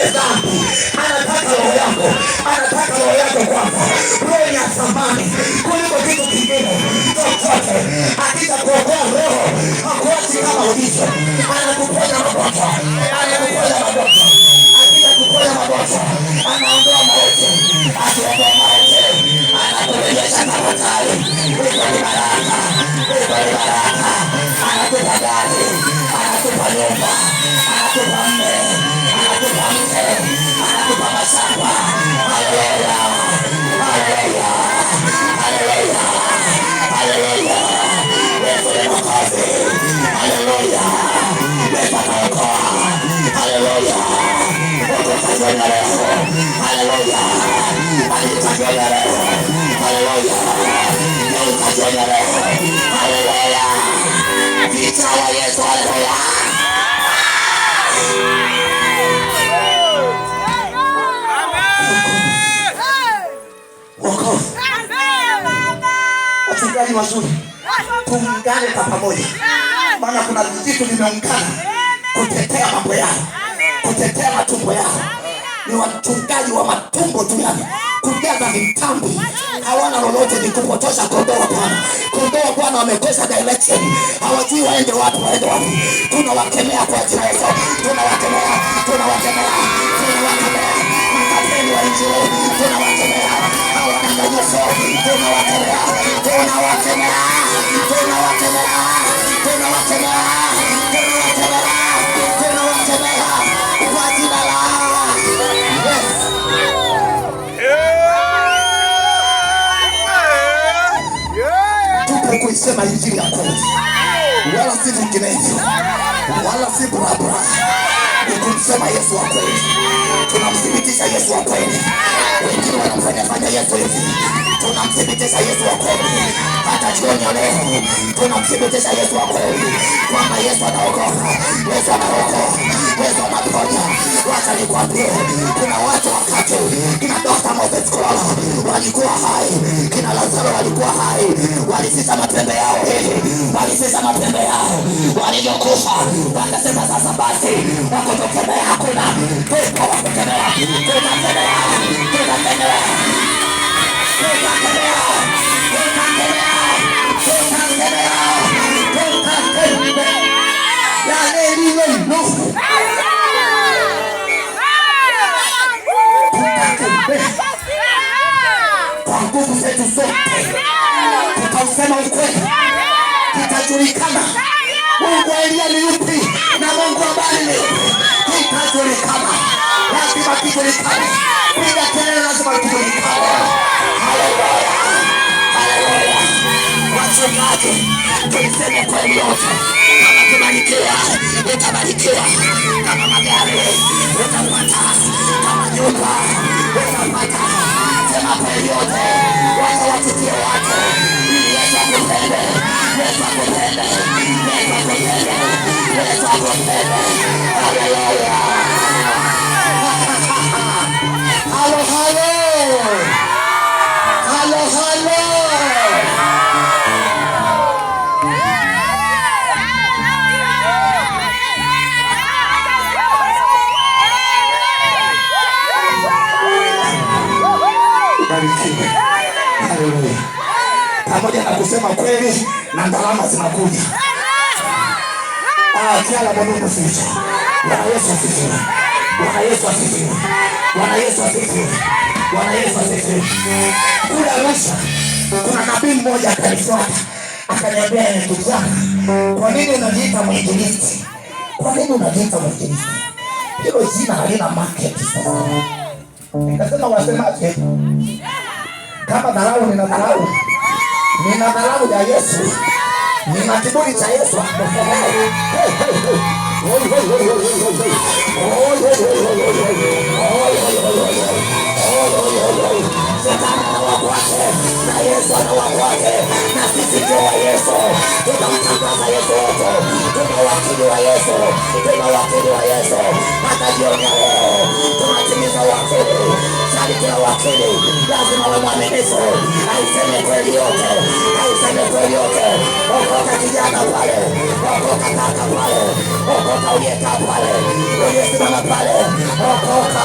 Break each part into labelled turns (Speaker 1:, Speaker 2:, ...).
Speaker 1: usamehe dhambi. Anataka roho yako, anataka roho yako kwako. Roho ya thamani kuliko kitu kingine chochote. Akitakuokoa roho hakuachi kama ulivyo, anakuponya magonjwa, anakuponya magonjwa. Akitakuponya magonjwa, anaondoa mauti, akiondoa mauti anakurejesha ni baraka, ni baraka, anakupa gari, anakupa nyumba marefu. Haleluya, mahitaji marefu. Haleluya, mahitaji marefu. Haleluya, vita wa Yesu. Haleluya. Wachungaji wazuri, tuungane kwa pamoja, maana kuna vitu vimeungana kutetea mambo yao, kutetea matumbo yao ni wachungaji wa matumbo tu, yani kujaza vitambi, hawana lolote, ni kupotosha kondoo. Bwana kondoo, Bwana wamekosa direction, hawajui waende wapi, waende wapi. Tunawakemea kwa jina Yesu, tunawakemea, tunawakemea, tunawakemea mkapeni wa Injili, tunawakemea hawa wadanganyifu, tunawakemea, tunawakemea, tunawakemea, tunawakemea, tunawakemea kuisema injili ya kweli, wala si vinginevyo, wala si barabara, ni kumsema Yesu wa kweli. Tunamthibitisha Yesu wa kweli, wengine wanamfanyafanya Yesu hivi, tunamthibitisha Yesu wa kweli atajiona leo. Tunamthibitisha Yesu wa kweli kwamba Yesu anaokoa, Yesu anaokoa, Yesu anaponya. Wacha nikwambie, kuna watu wakati kina Dr. Moses Kolola walikuwa hai, kina Lazaro walikuwa hai, walisisa mapembe yao, walisisa mapembe yao walivyokufa, wakasema sasa basi, wakutokemea hakuna pepo, wakutokemea tunatemea, tunatemea, tunatemea mbele yao toka tende yale lile nusu tutatembea kwa nguvu zetu zote, tutausema ukweli, tutajulikana Mungu wa Elia ni yupi na Mungu wa Bali ni yupi, kitajulikana. Lazima kijulikane, bila kelele, lazima kijulikane. Haleluya! macho yake, tuiseme kweli yote. Kama kibarikiwa utabarikiwa, kama magari utapata, kama nyumba utapata. Sema kweli yote, wacha watikie wako Yesu akupende, Yesu akupende, Yesu akupende, Yesu akupende. Haleluya! ubarikiwe. Haleluya! Pamoja na kusema kweli na ndalama zinakuja. Ah, kila Mungu Bwana Yesu asifiwe. Bwana Yesu asifiwe. Bwana Yesu asifiwe. Bwana Yesu asifiwe. Kula Arusha kuna nabii mmoja akanifuata akaniambia, eh, ndugu zangu, kwa nini unajiita mwinjilisti? Kwa nini unajiita mwinjilisti? Hilo jina halina market sasa. Nikasema unasemaje? Kama dharau nina dharau. Nina dharau ya Yesu. Nina kiburi cha Yesu. Shetani na wabu wake na Yesu na wabu wake, na sisi ndio wa Yesu, tunamtangaza Yesu wote, tuna wakili wa Yesu, tuna wakili wa Yesu hata jioni ya leo tunatimiza akili, lazima uwe mwaminifu, aiseme kweli yote, aiseme kweli yote. Okoka kijana pale, okoka kaka pale, okoka uliyekaa pale, uliyesimama pale, okoka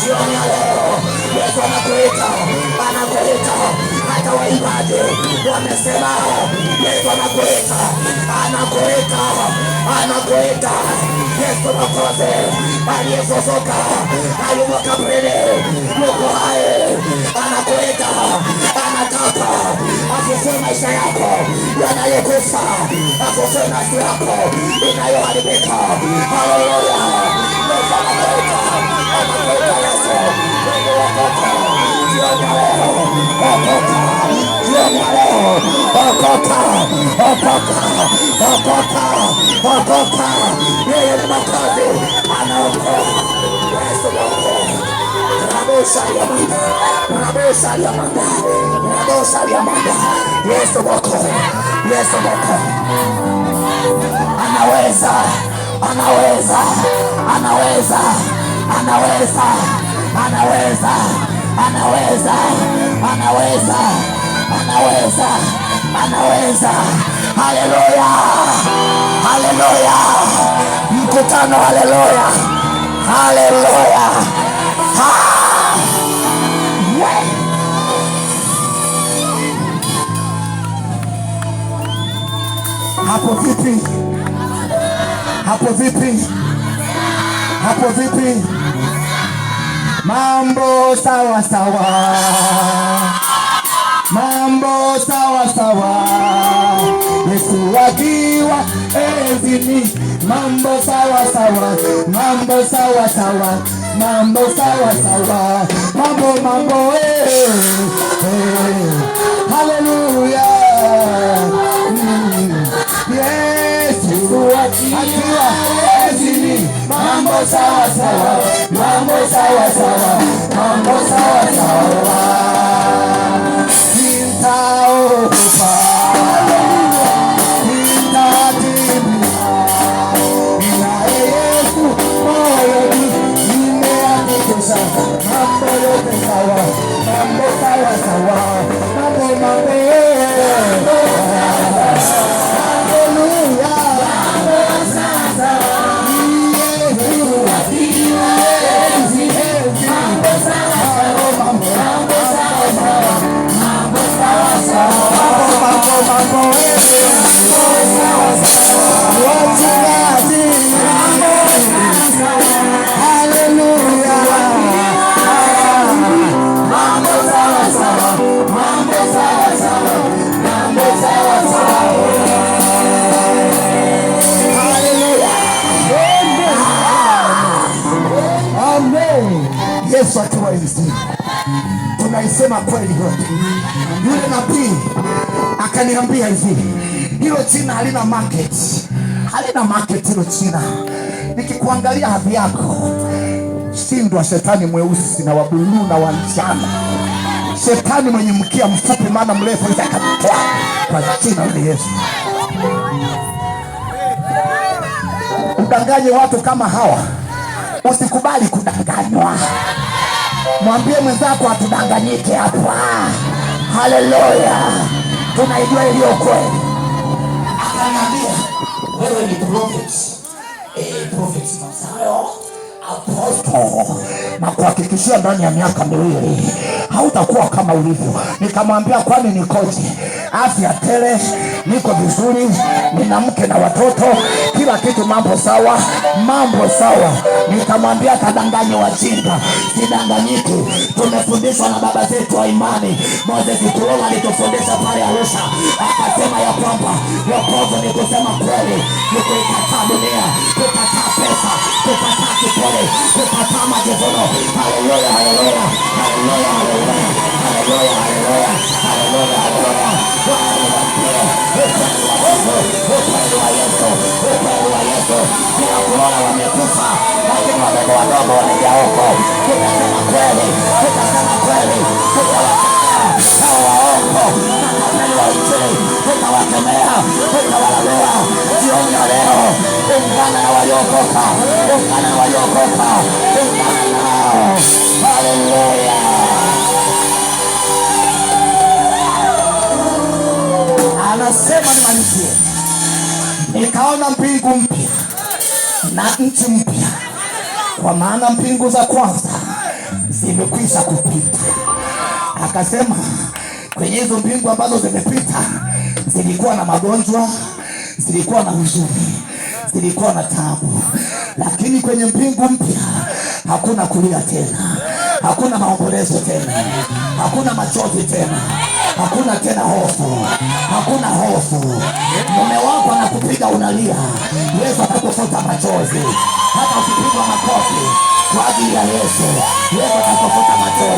Speaker 1: jioni ya leo. Yesu anakuita, anakuita hata waibade wamesema, Yesu anakuita, anakuita, anakuita. Yesu Mwokozi aliyefufuka hayumo kabrini, yuko hai, anakuita, anataka afufue maisha yako yanayokufa, afufue nafsi yako inayoharibika. Haleluya, Yesu anakuita, anakuita Yesu, Mungu wa jioni leo, okoka jioni leo, okoka okoka okoka okoka. Yeye ni Mwokozi, anaokoa. Yesu naokoa rabosa yamanda rabosa yamanda rabosa yamanda. Yesu wokoa, Yesu wokoa, anaweza anaweza anaweza anaweza anaweza anaweza, anaweza, anaweza, anaweza. Haleluya, haleluya, mkutano, haleluya, haleluya. Hapo vipi? Hapo vipi? Hapo vipi? Mambo sawa sawa, mambo sawa sawa, Yesu akiwa ezini. Mambo sawa sawa, mambo sawa sawa, mambo sawa sawa, mambo mambo, eh eh, haleluya. Mm. Yesu akiwa ezini, mambo sawa sawa 忙到傻啊傻啊，忙到傻啊傻啊，天塌无法。anasema kweli yote. Yule nabii akaniambia hivi, hilo jina halina market, halina market hilo jina. Nikikuangalia hadhi yako, shindwa shetani mweusi na wabuluu na wanjana, shetani mwenye mkia mfupi, maana mrefu itakatwa kwa jina la Yesu. Udanganye watu kama hawa, usikubali kudanganywa. Mwambie mwenzako atudanganyike hapa. Haleluya, tunaijua iliyo kweli. Akaniambia wewe ni prophet. Eh, prophet na kuhakikishia ndani ya miaka miwili hautakuwa kama ulivyo. Nikamwambia, kwani nikoje? Afya tele, niko vizuri, nina mke na watoto, kila kitu, mambo sawa, mambo sawa. Nikamwambia, kadanganye wajinga, sidanganyiki. Tumefundishwa na baba zetu wa imani, Moses Kulola alitufundisha pale Arusha, akasema ya kwamba wokovu ni kusema kweli, ni kuikataa dunia pesa, kupata kipole, kupata majivuno. Haleluya, haleluya, haleluya, haleluya, haleluya, haleluya, haleluya, haleluya. Bwana watie upendo wa Yesu, upendo wa Yesu, upendo wa Yesu. Kila kuona wamekufa, lakini wadogo wadogo wamejaa Tutasema kweli, tutasema kweli, tutasema unaogopa kukaa nao. Anasema nimalizie, nikaona mbingu mpya na nchi mpya, kwa maana mbingu za kwanza zimekwisha kupita. Akasema kwenye hizo mbingu ambazo zimepita zilikuwa na magonjwa, zilikuwa na huzuni, zilikuwa na taabu lakini kwenye mbingu mpya hakuna kulia tena, hakuna maombolezo tena, hakuna machozi tena, hakuna tena hofu, hakuna hofu. Mume wako anakupiga unalia, Yesu atakufuta machozi. Hata ukipigwa makofi kwa ajili ya Yesu, Yesu atakufuta machozi.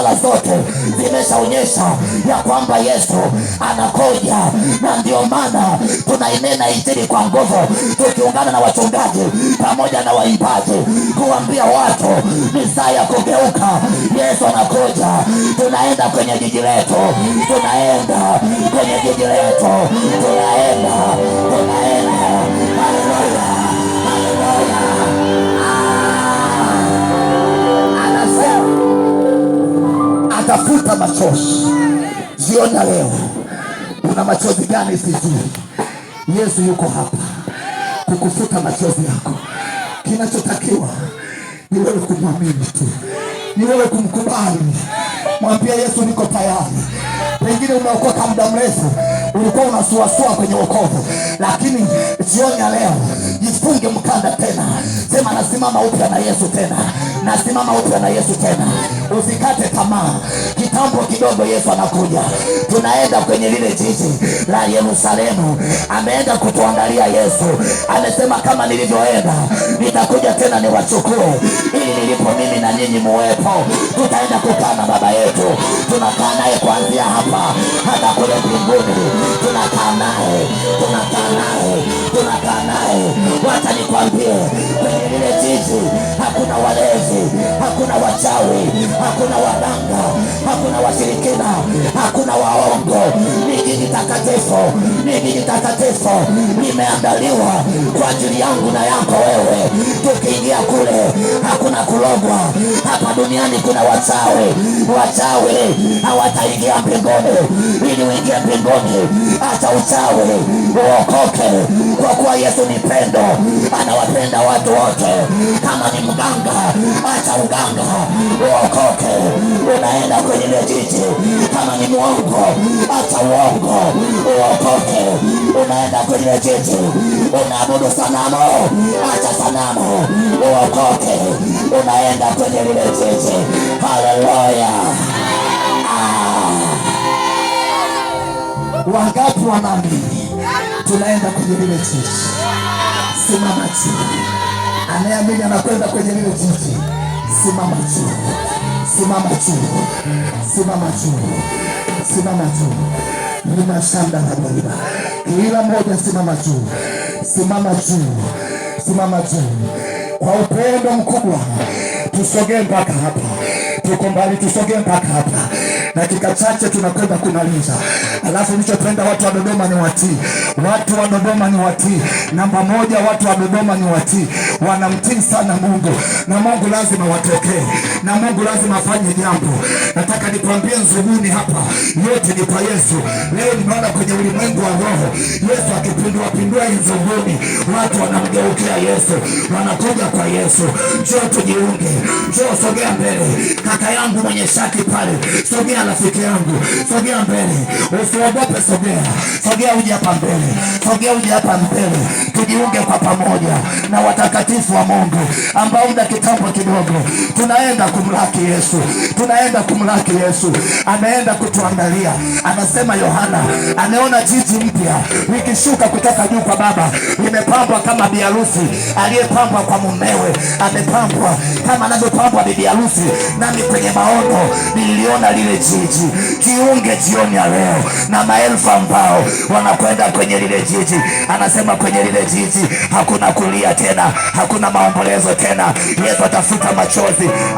Speaker 1: ishara zote zimeshaonyesha ya kwamba Yesu anakoja na ndio maana tunainena injili kwa nguvu, tukiungana na wachungaji pamoja na waimbaji kuambia watu ni saa ya kugeuka, Yesu anakoja Tunaenda kwenye jiji letu, tunaenda kwenye jiji letu, tunaenda, tunaenda Tafuta machozi, ziona leo una machozi gani sijui. Yesu yuko hapa kukufuta machozi yako. Kinachotakiwa ni wewe kumwamini tu, ni wewe kumkubali. Mwambia Yesu, niko tayari. Pengine umeokoka muda mrefu, ulikuwa unasuasua kwenye wokovu, lakini ya leo, jifunge mkanda tena, sema nasimama upya na Yesu tena, nasimama upya na Yesu tena usikate tamaa. Kitambo kidogo Yesu anakuja, tunaenda kwenye lile jiji la Yerusalemu. Ameenda kutuangalia Yesu, amesema kama nilivyoenda nitakuja tena niwachukue, ili nilipo mimi na nyinyi muwepo. Tutaenda kukaa na baba yetu, tunakaa naye kuanzia hapa hata kule mbinguni, tunakaa naye, tunakaa naye, tunakaa naye. Wacha nikwambie, kwenye lile jiji hakuna walezi, hakuna wachawi hakuna waganga, hakuna washirikina, hakuna waongo takatifu, mimi ni nimeandaliwa kwa ajili yangu na yako wewe. Tukiingia kule hakuna kulogwa. Hapa duniani kuna wachawi, wachawi hawataingia mbinguni. Ili uingie mbinguni, hata uchawi uokoke, kwa kuwa Yesu ni pendo, anawapenda watu wote. Kama ni mganga, hata uganga uokoke, unaenda kwenye ile jiji. Kama ni mwongo, hata uongo popote unaenda kwenye jitu, unaabudu sanamu, acha sanamu uokoke, unaenda kwenye lile vitu. Haleluya! Ah. Wangapi wanaamini? Tunaenda kwenye lile jitu? simama tu. Anayeamini anakwenda kwenye lile jitu. simama tu, simama tu, simama simama nimashanda kila mmoja, simama juu, simama juu, simama juu kwa upendo mkubwa. Tusogee mpaka hapa, tuko mbali, tusogee mpaka hapa. Dakika chache tunakwenda kumaliza, alafu nilichopenda watu wa Dodoma ni watii, watu wa Dodoma ni watii. Namba moja, watu wa Dodoma ni watii wanamtii sana Mungu na Mungu lazima watokee na Mungu lazima afanye jambo. Nataka nikwambie nzuguni hapa, yote ni kwa Yesu. Leo nimeona kwenye ulimwengu wa roho Yesu akipindua pindua nzuguni, watu wanamgeukea Yesu, wanakuja kwa Yesu. Njoo tujiunge, njoo sogea mbele, kaka yangu mwenye shati pale, sogea rafiki yangu, sogea mbele, usiogope, sogea, sogea uje hapa mbele, sogea uje hapa mbele, tujiunge kwa pamoja na watakatifu mtakatifu wa Mungu ambao muda kitambo kidogo tunaenda kumlaki Yesu, tunaenda kumlaki Yesu, ameenda kutuandalia. Anasema Yohana ameona jiji mpya likishuka kutoka juu kwa Baba, limepambwa kama biharusi. Aliyepambwa kwa mumewe amepambwa kama anavyopambwa bibi harusi. Nami kwenye maono niliona lile jiji. kiunge jioni ya leo na maelfu ambao wanakwenda kwenye lile jiji. Anasema kwenye lile jiji hakuna kulia tena hakuna maombolezo tena. Yesu atafuta machozi.